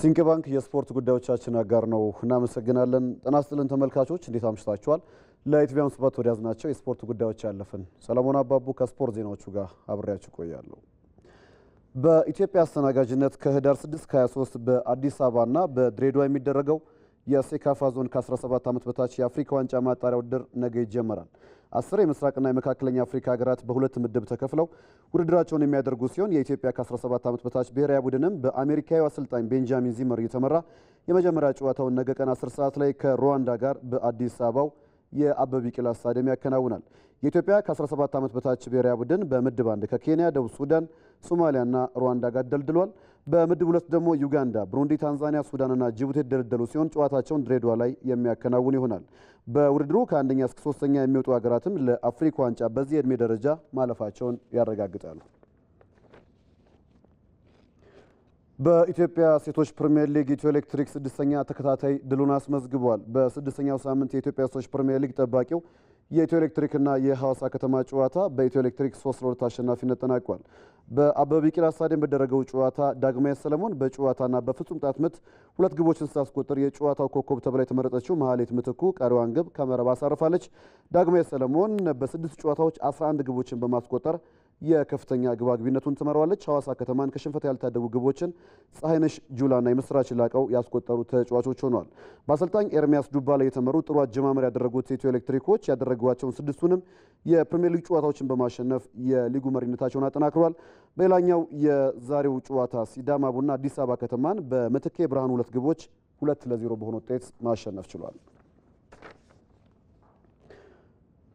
ሲንክ ባንክ የስፖርት ጉዳዮቻችን አጋር ነው። እናመሰግናለን። ጤና ይስጥልን ተመልካቾች፣ እንዴት አምሽታችኋል? ለኢትዮጵያ ስፖርት ወዲያዝናቸው የስፖርት ጉዳዮች ያለፍን ሰለሞን አባቡ ከስፖርት ዜናዎቹ ጋር አብሬያችሁ ቆያለሁ። በኢትዮጵያ አስተናጋጅነት ከህዳር 6 23 በአዲስ አበባና በድሬዳዋ የሚደረገው የሴካፋ ዞን ከ17 ዓመት በታች የአፍሪካ ዋንጫ ማጣሪያ ውድድር ነገ ይጀመራል። አስር የምስራቅና የመካከለኛ አፍሪካ ሀገራት በሁለት ምድብ ተከፍለው ውድድራቸውን የሚያደርጉ ሲሆን የኢትዮጵያ ከ17 ዓመት በታች ብሔራዊ ቡድንም በአሜሪካዊ አሰልጣኝ ቤንጃሚን ዚመር እየተመራ የመጀመሪያ ጨዋታውን ነገ ቀን 10 ሰዓት ላይ ከሩዋንዳ ጋር በአዲስ አበባው የአበበ ቢቂላ ስታዲየም ያከናውናል። የኢትዮጵያ ከ17 ዓመት በታች ብሔራዊ ቡድን በምድብ አንድ ከኬንያ፣ ደቡብ ሱዳን፣ ሶማሊያና ሩዋንዳ ጋር ደልድሏል። በምድብ ሁለት ደግሞ ዩጋንዳ፣ ብሩንዲ፣ ታንዛኒያ፣ ሱዳንና ጅቡቲ የተደለደሉ ሲሆን ጨዋታቸውን ድሬዳዋ ላይ የሚያከናውን ይሆናል። በውድድሩ ከአንደኛ እስከ ሶስተኛ የሚወጡ ሀገራትም ለአፍሪካ ዋንጫ በዚህ የዕድሜ ደረጃ ማለፋቸውን ያረጋግጣሉ። በኢትዮጵያ ሴቶች ፕሪምየር ሊግ ኢትዮ ኤሌክትሪክ ስድስተኛ ተከታታይ ድሉን አስመዝግቧል። በስድስተኛው ሳምንት የኢትዮጵያ ሴቶች ፕሪምየር ሊግ ጠባቂው የኢትዮ ኤሌክትሪክና የሐዋሳ ከተማ ጨዋታ በኢትዮ ኤሌክትሪክ ሶስት ለሁለት አሸናፊነት ተጠናቋል። በአበበ ቢቂላ ስታዲየም በደረገው ጨዋታ ዳግማዊ ሰለሞን በጨዋታና በፍጹም ቅጣት ምት ሁለት ግቦችን ስታስቆጥር የጨዋታው ኮከብ ተብላ የተመረጠችው መሀሌት ምትኩ ቀሪዋን ግብ ከመረብ አሳርፋለች። ዳግማዊ ሰለሞን በስድስት ጨዋታዎች 11 ግቦችን በማስቆጠር የከፍተኛ ግባግቢነቱን ትመራዋለች። ሐዋሳ ከተማን ከሽንፈት ያልታደጉ ግቦችን ፀሐይነሽ ጁላና የምስራች ላቀው ያስቆጠሩ ተጫዋቾች ሆኗል። በአሰልጣኝ ኤርሚያስ ዱባ ላይ የተመሩ ጥሩ አጀማመር ያደረጉት ኢትዮ ኤሌክትሪኮች ያደረጓቸውን ስድስቱንም የፕሪሚየር ሊግ ጨዋታዎችን በማሸነፍ የሊጉ መሪነታቸውን አጠናክሯል። በሌላኛው የዛሬው ጨዋታ ሲዳማ ቡና አዲስ አበባ ከተማን በምትኬ ብርሃን ሁለት ግቦች ሁለት ለዜሮ በሆነ ውጤት ማሸነፍ ችሏል።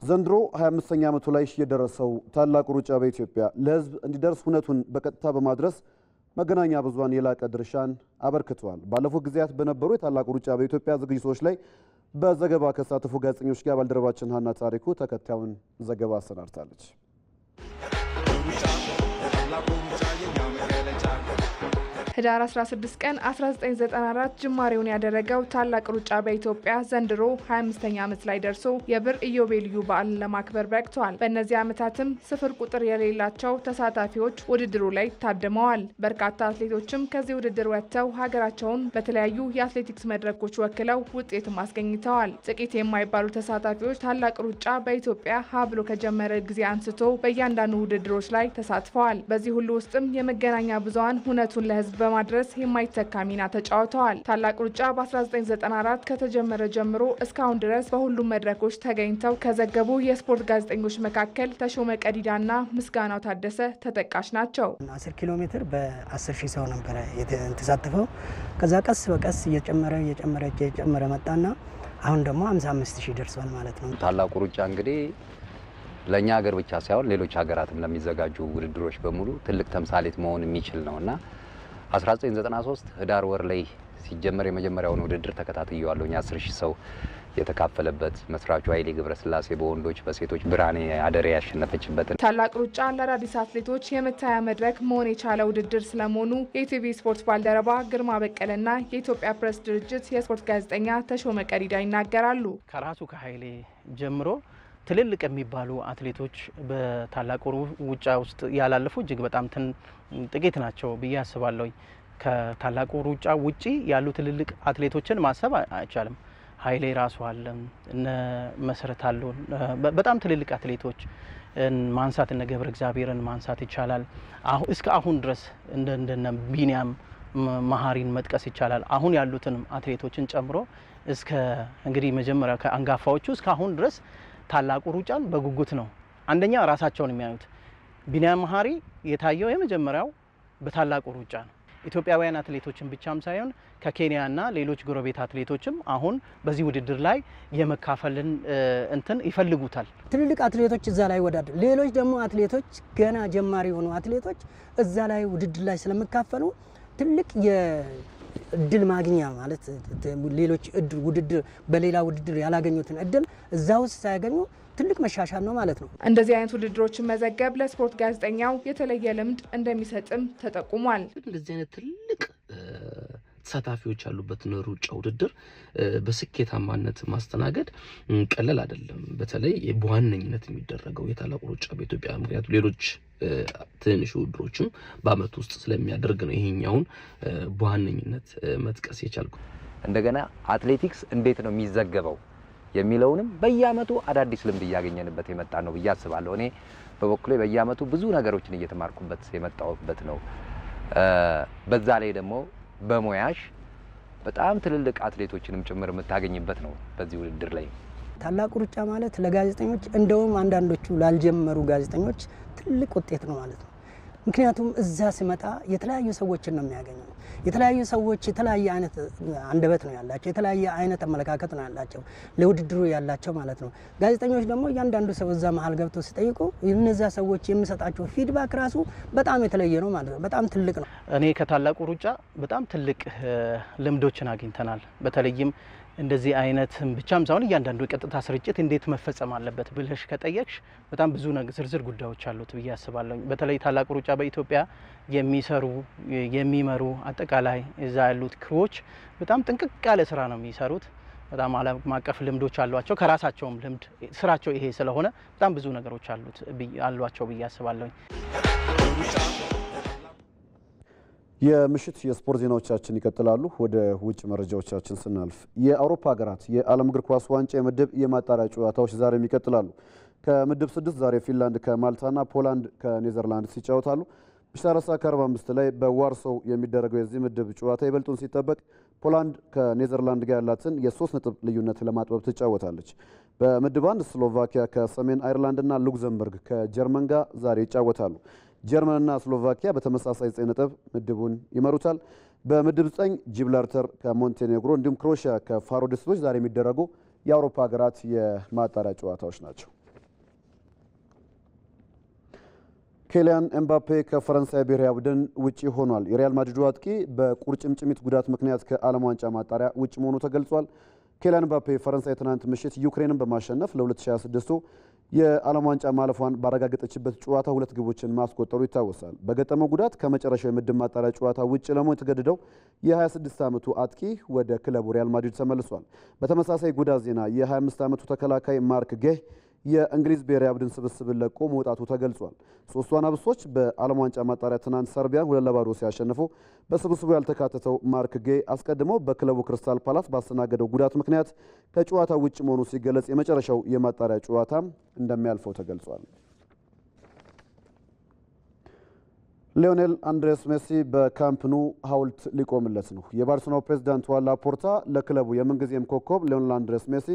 ዘንድሮ 25ኛ ዓመቱ ላይ የደረሰው ታላቁ ሩጫ በኢትዮጵያ ለሕዝብ እንዲደርስ ሁነቱን በቀጥታ በማድረስ መገናኛ ብዙሃን የላቀ ድርሻን አበርክተዋል። ባለፉት ጊዜያት በነበሩ የታላቁ ሩጫ በኢትዮጵያ ዝግጅቶች ላይ በዘገባ ከተሳተፉ ጋዜጠኞች ጋር ባልደረባችን ሀና ታሪኩ ተከታዩን ዘገባ አሰናድታለች። ህዳር 16 ቀን 1994 ጅማሬውን ያደረገው ታላቅ ሩጫ በኢትዮጵያ ዘንድሮ 25ኛ ዓመት ላይ ደርሶ የብር ኢዮቤልዩ በዓልን ለማክበር በቅተዋል። በእነዚህ ዓመታትም ስፍር ቁጥር የሌላቸው ተሳታፊዎች ውድድሩ ላይ ታድመዋል። በርካታ አትሌቶችም ከዚህ ውድድር ወጥተው ሀገራቸውን በተለያዩ የአትሌቲክስ መድረኮች ወክለው ውጤትም አስገኝተዋል። ጥቂት የማይባሉ ተሳታፊዎች ታላቅ ሩጫ በኢትዮጵያ ሀ ብሎ ከጀመረ ጊዜ አንስቶ በእያንዳንዱ ውድድሮች ላይ ተሳትፈዋል። በዚህ ሁሉ ውስጥም የመገናኛ ብዙሃን ሁነቱን ለህዝብ በማድረስ የማይተካ ሚና ተጫውተዋል። ታላቅ ሩጫ በ1994 ከተጀመረ ጀምሮ እስካሁን ድረስ በሁሉም መድረኮች ተገኝተው ከዘገቡ የስፖርት ጋዜጠኞች መካከል ተሾመ ቀዲዳና ምስጋናው ታደሰ ተጠቃሽ ናቸው። 10 ኪሎ ሜትር በ10 ሺህ ሰው ነበረ የተሳተፈው። ከዛ ቀስ በቀስ እየጨመረ እየጨመረ እየጨመረ መጣና አሁን ደግሞ 55 ሺህ ደርሷል ማለት ነው። ታላቁ ሩጫ እንግዲህ ለእኛ ሀገር ብቻ ሳይሆን ሌሎች ሀገራትም ለሚዘጋጁ ውድድሮች በሙሉ ትልቅ ተምሳሌት መሆን የሚችል ነው እና 1993 ህዳር ወር ላይ ሲጀመር የመጀመሪያውን ውድድር ተከታትየዋለሁኝ። አስር ሺህ ሰው የተካፈለበት መስራቹ ኃይሌ ገብረስላሴ በወንዶች በሴቶች ብርሃኔ አደሬ ያሸነፈችበትን ታላቅ ሩጫ ለአዳዲስ አትሌቶች የመታያ መድረክ መሆን የቻለ ውድድር ስለመሆኑ የኢቲቪ ስፖርት ባልደረባ ግርማ በቀለና የኢትዮጵያ ፕሬስ ድርጅት የስፖርት ጋዜጠኛ ተሾመ ቀዲዳ ይናገራሉ። ከራሱ ከኃይሌ ጀምሮ ትልልቅ የሚባሉ አትሌቶች በታላቁ ሩጫ ውስጥ ያላለፉ እጅግ በጣም ጥቂት ናቸው ብዬ አስባለሁ። ከታላቁ ሩጫ ውጪ ያሉ ትልልቅ አትሌቶችን ማሰብ አይቻልም። ኃይሌ ራሱ አለ፣ እነ መሰረት አሉ። በጣም ትልልቅ አትሌቶች ማንሳት እነ ገብረ እግዚአብሔርን ማንሳት ይቻላል። እስከ አሁን ድረስ እንደነ ቢኒያም መሀሪን መጥቀስ ይቻላል። አሁን ያሉትን አትሌቶችን ጨምሮ እስከ እንግዲህ መጀመሪያ ከአንጋፋዎቹ እስከ አሁን ድረስ ታላቁ ሩጫን በጉጉት ነው። አንደኛ ራሳቸውን የሚያዩት ቢኒያም መሀሪ የታየው የመጀመሪያው በታላቁ ሩጫ ነው። ኢትዮጵያውያን አትሌቶችን ብቻም ሳይሆን ከኬንያና ሌሎች ጎረቤት አትሌቶችም አሁን በዚህ ውድድር ላይ የመካፈልን እንትን ይፈልጉታል። ትልልቅ አትሌቶች እዛ ላይ ወዳድ፣ ሌሎች ደግሞ አትሌቶች ገና ጀማሪ የሆኑ አትሌቶች እዛ ላይ ውድድር ላይ ስለመካፈሉ ትልቅ የእድል ማግኛ ማለት ሌሎች ውድድር በሌላ ውድድር ያላገኙትን እድል እዛ ውስጥ ሳያገኙ ትልቅ መሻሻል ነው ማለት ነው። እንደዚህ አይነት ውድድሮችን መዘገብ ለስፖርት ጋዜጠኛው የተለየ ልምድ እንደሚሰጥም ተጠቁሟል። እንደዚህ አይነት ትልቅ ተሳታፊዎች ያሉበትን ሩጫ ውድድር በስኬታማነት ማስተናገድ ቀለል አይደለም። በተለይ በዋነኝነት የሚደረገው የታላቁ ሩጫ በኢትዮጵያ ምክንያቱ ሌሎች ትንሽ ውድድሮችም በአመት ውስጥ ስለሚያደርግ ነው ይሄኛውን በዋነኝነት መጥቀስ የቻልኩ። እንደገና አትሌቲክስ እንዴት ነው የሚዘገበው? የሚለውንም በየአመቱ አዳዲስ ልምድ እያገኘንበት የመጣ ነው ብዬ አስባለሁ። እኔ በበኩሌ በየአመቱ ብዙ ነገሮችን እየተማርኩበት የመጣሁበት ነው። በዛ ላይ ደግሞ በሙያሽ በጣም ትልልቅ አትሌቶችንም ጭምር የምታገኝበት ነው በዚህ ውድድር ላይ። ታላቁ ሩጫ ማለት ለጋዜጠኞች እንደውም አንዳንዶቹ ላልጀመሩ ጋዜጠኞች ትልቅ ውጤት ነው ማለት ነው። ምክንያቱም እዛ ሲመጣ የተለያዩ ሰዎችን ነው የሚያገኘው። የተለያዩ ሰዎች የተለያየ አይነት አንደበት ነው ያላቸው፣ የተለያየ አይነት አመለካከት ነው ያላቸው ለውድድሩ ያላቸው ማለት ነው። ጋዜጠኞች ደግሞ እያንዳንዱ ሰው እዛ መሀል ገብቶ ሲጠይቁ እነዛ ሰዎች የሚሰጣቸው ፊድባክ ራሱ በጣም የተለየ ነው ማለት ነው። በጣም ትልቅ ነው። እኔ ከታላቁ ሩጫ በጣም ትልቅ ልምዶችን አግኝተናል። በተለይም እንደዚህ አይነት ብቻም ሳይሆን እያንዳንዱ የቀጥታ ስርጭት እንዴት መፈጸም አለበት ብለሽ ከጠየቅሽ በጣም ብዙ ዝርዝር ጉዳዮች አሉት ብዬ አስባለሁ። በተለይ ታላቁ ሩጫ በኢትዮጵያ የሚሰሩ የሚመሩ አጠቃላይ እዛ ያሉት ክሮዎች በጣም ጥንቅቅ ያለ ስራ ነው የሚሰሩት። በጣም ዓለም አቀፍ ልምዶች አሏቸው። ከራሳቸውም ልምድ ስራቸው ይሄ ስለሆነ በጣም ብዙ ነገሮች አሉት አሏቸው ብዬ አስባለሁ። የምሽት የስፖርት ዜናዎቻችን ይቀጥላሉ። ወደ ውጭ መረጃዎቻችን ስናልፍ የአውሮፓ ሀገራት የዓለም እግር ኳስ ዋንጫ የምድብ የማጣሪያ ጨዋታዎች ዛሬም ይቀጥላሉ። ከምድብ ስድስት ዛሬ ፊንላንድ ከማልታና ፖላንድ ከኔዘርላንድ ይጫወታሉ። ምሽት ከአርባ አምስት ላይ በዋርሶው የሚደረገው የዚህ ምድብ ጨዋታ ይበልጡን ሲጠበቅ ፖላንድ ከኔዘርላንድ ጋር ያላትን የሶስት ነጥብ ልዩነት ለማጥበብ ትጫወታለች። በምድብ አንድ ስሎቫኪያ ከሰሜን አይርላንድና ሉክዘምበርግ ከጀርመን ጋር ዛሬ ይጫወታሉ። ጀርመንና ስሎቫኪያ በተመሳሳይ ዘጠኝ ነጥብ ምድቡን ይመሩታል። በምድብ ዘጠኝ ጂብላርተር ከሞንቴኔግሮ እንዲሁም ክሮሽያ ከፋሮ ደሴቶች ዛሬ የሚደረጉ የአውሮፓ ሀገራት የማጣሪያ ጨዋታዎች ናቸው። ኬሊያን ኤምባፔ ከፈረንሳይ ብሔራዊ ቡድን ውጪ ሆኗል። የሪያል ማድሪዱ አጥቂ በቁርጭምጭሚት ጉዳት ምክንያት ከዓለም ዋንጫ ማጣሪያ ውጭ መሆኑ ተገልጿል። ኬሊያን ኤምባፔ ፈረንሳይ ትናንት ምሽት ዩክሬንን በማሸነፍ ለ2026 የዓለም ዋንጫ ማለፏን ባረጋገጠችበት ጨዋታ ሁለት ግቦችን ማስቆጠሩ ይታወሳል። በገጠመው ጉዳት ከመጨረሻው የምድብ ማጣሪያ ጨዋታ ውጭ ለመሆን የተገደደው የ26 ዓመቱ አጥቂ ወደ ክለቡ ሪያል ማድሪድ ተመልሷል። በተመሳሳይ ጉዳት ዜና የ25 ዓመቱ ተከላካይ ማርክ ጌህ የእንግሊዝ ብሔራዊ ቡድን ስብስብን ለቆ መውጣቱ ተገልጿል። ሶስቱ አናብሶች በዓለም ዋንጫ ማጣሪያ ትናንት ሰርቢያን ሁለት ለባዶ ሲያሸንፉ በስብስቡ ያልተካተተው ማርክ ጌ አስቀድሞ በክለቡ ክሪስታል ፓላስ ባስተናገደው ጉዳት ምክንያት ከጨዋታ ውጭ መሆኑ ሲገለጽ የመጨረሻው የማጣሪያ ጨዋታ እንደሚያልፈው ተገልጿል። ሊዮኔል አንድሬስ ሜሲ በካምፕ ኑ ሐውልት ሊቆምለት ነው። የባርሴሎናው ፕሬዚዳንት ዋላ ፖርታ ለክለቡ የምንጊዜም ኮከብ ሊዮኔል አንድሬስ ሜሲ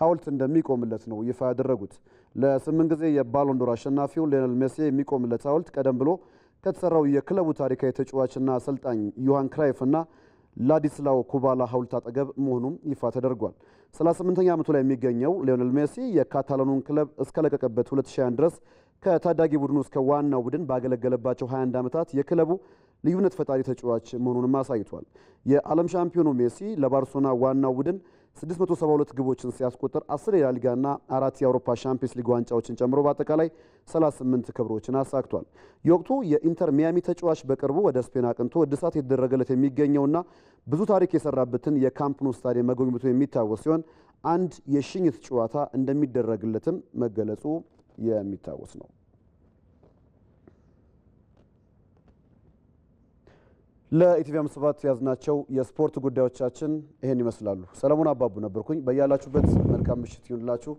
ሐውልት እንደሚቆምለት ነው ይፋ ያደረጉት። ለስምንት ጊዜ የባሎንዶር አሸናፊው ሊዮኔል ሜሲ የሚቆምለት ሐውልት ቀደም ብሎ ከተሰራው የክለቡ ታሪካዊ ተጫዋችና አሰልጣኝ ዮሐን ክራይፍ እና ላዲስላው ኩባላ ሐውልት አጠገብ መሆኑም ይፋ ተደርጓል። 38ኛ ዓመቱ ላይ የሚገኘው ሊዮኔል ሜሲ የካታላኑን ክለብ እስከለቀቀበት 2021 ድረስ ከታዳጊ ቡድኑ እስከ ዋናው ቡድን ባገለገለባቸው 21 ዓመታት የክለቡ ልዩነት ፈጣሪ ተጫዋች መሆኑንም አሳይቷል። የዓለም ሻምፒዮኑ ሜሲ ለባርሶና ዋናው ቡድን 672 ግቦችን ሲያስቆጥር 10 የላሊጋና አራት የአውሮፓ ሻምፒየንስ ሊግ ዋንጫዎችን ጨምሮ በአጠቃላይ 38 ክብሮችን አሳክቷል። የወቅቱ የኢንተር ሚያሚ ተጫዋች በቅርቡ ወደ ስፔን አቅንቶ እድሳት የተደረገለት የሚገኘውና ብዙ ታሪክ የሰራበትን የካምፕ ስታዲየም መጎብኘቱ የሚታወስ ሲሆን አንድ የሽኝት ጨዋታ እንደሚደረግለትም መገለጹ የሚታወስ ነው። ለኢቲቪ አምስት ሰባት ያዝናቸው የስፖርት ጉዳዮቻችን ይህን ይመስላሉ። ሰለሞን አባቡ ነበርኩኝ። በያላችሁበት መልካም ምሽት ይሁንላችሁ።